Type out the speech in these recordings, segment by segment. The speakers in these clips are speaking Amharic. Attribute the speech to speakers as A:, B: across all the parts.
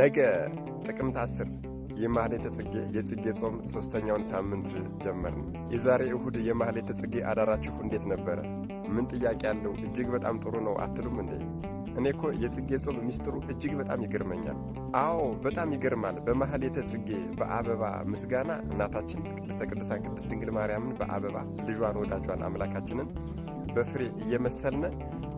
A: ነገ ጥቅምት 10 የማህሌተ ጽጌ የጽጌ ጾም ሦስተኛውን ሳምንት ጀመርን። የዛሬ እሁድ የማህሌተ ጽጌ አዳራችሁ እንዴት ነበረ? ምን ጥያቄ ያለው? እጅግ በጣም ጥሩ ነው አትሉም እንዴ? እኔ እኮ የጽጌ ጾም ምስጢሩ እጅግ በጣም ይገርመኛል። አዎ በጣም ይገርማል። በማህሌተ ጽጌ በአበባ ምስጋና እናታችን ቅድስተ ቅዱሳን ቅድስት ድንግል ማርያምን በአበባ ልጇን ወዳጇን አምላካችንን በፍሬ እየመሰልነ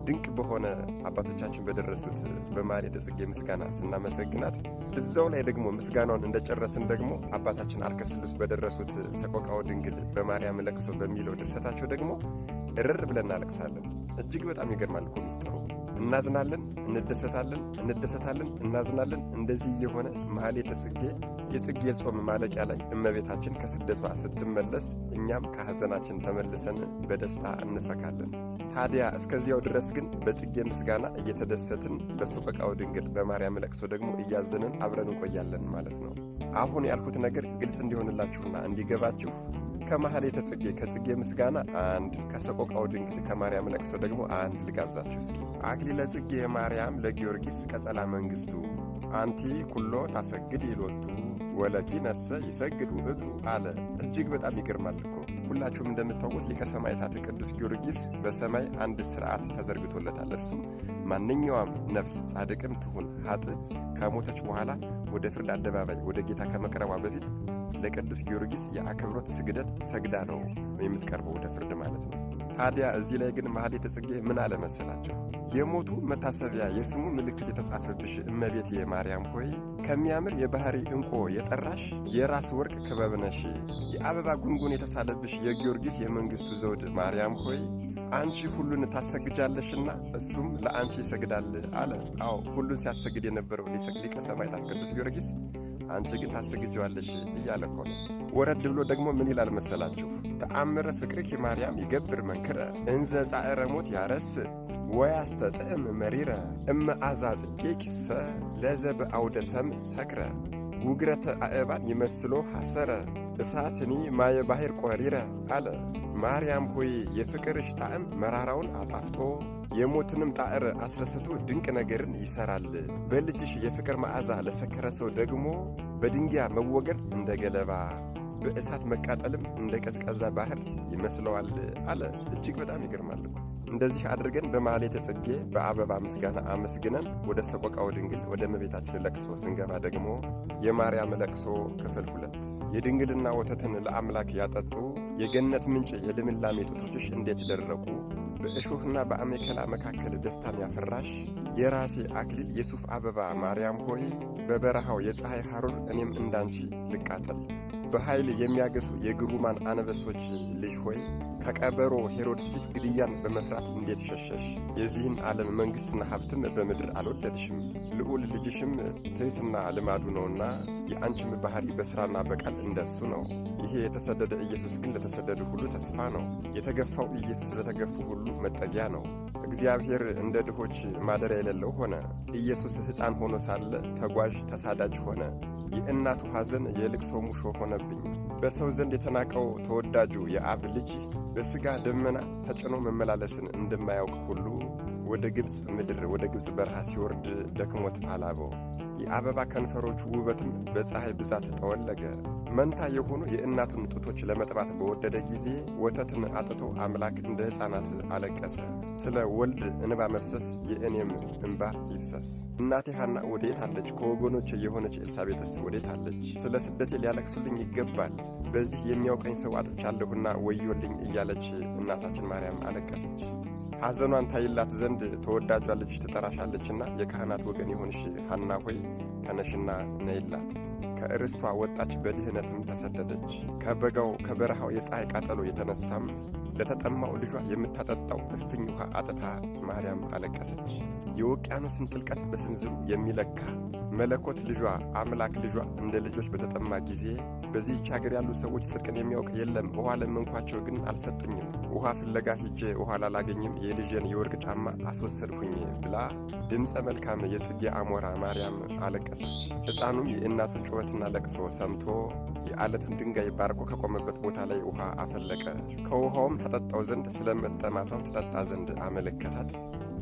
A: ድንቅ በሆነ አባቶቻችን በደረሱት በማኅሌተ ጽጌ ምስጋና ስናመሰግናት እዛው ላይ ደግሞ ምስጋናውን እንደጨረስን ደግሞ አባታችን አርከስሉስ በደረሱት ሰቆቃወ ድንግል በማርያም ለቅሶ በሚለው ድርሰታቸው ደግሞ እርር ብለን እናለቅሳለን። እጅግ በጣም ይገርማል እኮ ሚስጥሩ። እናዝናለን፣ እንደሰታለን፣ እንደሰታለን፣ እናዝናለን። እንደዚህ እየሆነ ማኅሌተ ጽጌ የጽጌ ጾም ማለቂያ ላይ እመቤታችን ከስደቷ ስትመለስ እኛም ከሐዘናችን ተመልሰን በደስታ እንፈካለን። ታዲያ እስከዚያው ድረስ ግን በጽጌ ምስጋና እየተደሰትን በሱ በቃው ድንግል በማርያም ለቅሶ ደግሞ እያዘንን አብረን እንቆያለን ማለት ነው። አሁን ያልኩት ነገር ግልጽ እንዲሆንላችሁና እንዲገባችሁ ከመሐሌተ ጽጌ ከጽጌ ምስጋና አንድ ከሰቆቃው ድንግል ከማርያም ለቅሶ ደግሞ አንድ ልጋብዛችሁ እስኪ። አክሊለ ጽጌ ማርያም ለጊዮርጊስ ቀጸላ መንግሥቱ አንቲ ኩሎ ታሰግድ ይሎቱ ወለኪ ነሰ ይሰግድ ውእቱ አለ። እጅግ በጣም ይገርማል እኮ ሁላችሁም እንደምታውቁት ሊቀ ሰማዕታት ቅዱስ ጊዮርጊስ በሰማይ አንድ ስርዓት ተዘርግቶለታል። እርሱም ማንኛውም ነፍስ ጻድቅም ትሁን ሀጥ ከሞተች በኋላ ወደ ፍርድ አደባባይ ወደ ጌታ ከመቅረቧ በፊት ለቅዱስ ጊዮርጊስ የአክብሮት ስግደት ሰግዳ ነው የምትቀርበው ወደ ፍርድ ማለት ነው። ታዲያ እዚህ ላይ ግን ማህሌተ ጽጌ ምን አለመሰላቸው? የሞቱ መታሰቢያ የስሙ ምልክት የተጻፈብሽ እመቤት ማርያም ሆይ ከሚያምር የባህሪ እንቆ የጠራሽ የራስ ወርቅ ክበብ ነሽ። የአበባ ጉንጉን የተሳለብሽ የጊዮርጊስ የመንግሥቱ ዘውድ ማርያም ሆይ አንቺ ሁሉን ታሰግጃለሽና እሱም ለአንቺ ይሰግዳል አለ። አዎ ሁሉን ሲያሰግድ የነበረው ሊቀ ሰማዕታት ቅዱስ ጊዮርጊስ አንቺ ግን ታስግጀዋለሽ እያለ እኮ ነው። ወረድ ብሎ ደግሞ ምን ይላል መሰላችሁ? ተአምረ ፍቅርኪ ማርያም ይገብር መንክረ እንዘ ጻዕረ ሞት ያረስ ወያስተጥዕም መሪረ እመ አዛ ጽጌ ኪሰ ለዘ በአውደ ሰም ሰክረ ውግረተ አእባን ይመስሎ ሐሰረ እሳትኒ ማየ ባሕር ቆሪረ አለ። ማርያም ሆይ የፍቅርሽ ጣዕም መራራውን አጣፍጦ የሞትንም ጣዕር አስረስቶ ድንቅ ነገርን ይሰራል። በልጅሽ የፍቅር መዓዛ ለሰከረ ሰው ደግሞ በድንጊያ መወገድ እንደ ገለባ በእሳት መቃጠልም እንደ ቀዝቃዛ ባህር ይመስለዋል አለ። እጅግ በጣም ይገርማል። እንደዚህ አድርገን በማኅሌተ ጽጌ በአበባ ምስጋና አመስግነን ወደ ሰቆቃወ ድንግል ወደ እመቤታችን ለቅሶ ስንገባ ደግሞ የማርያም ለቅሶ ክፍል ሁለት የድንግልና ወተትን ለአምላክ ያጠጡ የገነት ምንጭ የልምላሜ ጡቶችሽ እንዴት ደረቁ በእሾህና በአሜከላ መካከል ደስታን ያፈራሽ የራሴ አክሊል የሱፍ አበባ ማርያም ሆይ በበረሃው የፀሐይ ሐሩር እኔም እንዳንቺ ልቃጠል። በኃይል የሚያገሱ የግሩማን አነበሶች ልጅ ሆይ ከቀበሮ ሄሮድስ ፊት ግድያን በመፍራት እንዴት ሸሸሽ? የዚህን ዓለም መንግሥትና ሀብትም በምድር አልወደድሽም። ልዑል ልጅሽም ትሕትና ልማዱ ነውና የአንችም ባሕሪ በሥራና በቃል እንደሱ ነው። ይሄ የተሰደደ ኢየሱስ ግን ለተሰደዱ ሁሉ ተስፋ ነው። የተገፋው ኢየሱስ ለተገፉ ሁሉ መጠጊያ ነው። እግዚአብሔር እንደ ድሆች ማደሪያ የሌለው ሆነ። ኢየሱስ ሕፃን ሆኖ ሳለ ተጓዥ፣ ተሳዳጅ ሆነ። የእናቱ ሐዘን የልቅሶ ሙሾ ሆነብኝ። በሰው ዘንድ የተናቀው ተወዳጁ የአብ ልጅ በሥጋ ደመና ተጭኖ መመላለስን እንደማያውቅ ሁሉ ወደ ግብፅ ምድር ወደ ግብፅ በረሃ ሲወርድ ደክሞት አላበው። የአበባ ከንፈሮቹ ውበትም በፀሐይ ብዛት ጠወለገ። መንታ የሆኑ የእናቱን ጡቶች ለመጥባት በወደደ ጊዜ ወተትን አጥቶ አምላክ እንደ ሕፃናት አለቀሰ። ስለ ወልድ እንባ መፍሰስ የእኔም እንባ ይፍሰስ። እናቴ ሐና ወዴት አለች? ከወገኖች የሆነች ኤልሳቤጥስ ወዴት አለች? ስለ ስደቴ ሊያለቅሱልኝ ይገባል። በዚህ የሚያውቀኝ ሰው አጥቻለሁና ወዮልኝ እያለች እናታችን ማርያም አለቀሰች። ሐዘኗን ታይላት ዘንድ ተወዳጇ ልጅሽ ትጠራሻለችና የካህናት ወገን የሆንሽ ሐና ሆይ ተነሽና ነይላት። ከእርስቷ ወጣች፣ በድህነትም ተሰደደች። ከበጋው ከበረሃው የፀሐይ ቃጠሎ የተነሳም ለተጠማው ልጇ የምታጠጣው እፍኝ ውሃ አጥታ ማርያም አለቀሰች። የውቅያኖስን ጥልቀት በስንዝሩ የሚለካ መለኮት ልጇ አምላክ ልጇ እንደ ልጆች በተጠማ ጊዜ በዚህች ሀገር ያሉ ሰዎች ጽድቅን የሚያውቅ የለም፣ ውኃ ለመንኳቸው ግን አልሰጡኝም፣ ውኃ ፍለጋ ሂጄ ውኃ ላላገኝም የልጄን የወርቅ ጫማ አስወሰድሁኝ ብላ ድምፀ መልካም የጽጌ አሞራ ማርያም አለቀሰች። ሕፃኑም የእናቱን ጩኸትና ለቅሶ ሰምቶ የአለቱን ድንጋይ ባርኮ ከቆመበት ቦታ ላይ ውኃ አፈለቀ። ከውኃውም ተጠጣው ዘንድ ስለመጠማቷም ተጠጣ ዘንድ አመለከታት።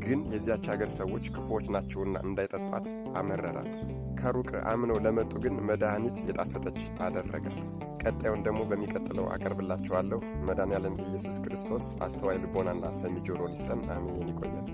A: ግን የዚያች አገር ሰዎች ክፉዎች ናቸውና እንዳይጠጧት አመረራት። ከሩቅ አምነው ለመጡ ግን መድኃኒት የጣፈጠች አደረጋት። ቀጣዩን ደግሞ በሚቀጥለው አቀርብላችኋለሁ። መድኃኔዓለም ኢየሱስ ክርስቶስ አስተዋይ ልቦናና ሰሚ ጆሮ ሊስጠን። አሜን። ይቆያል።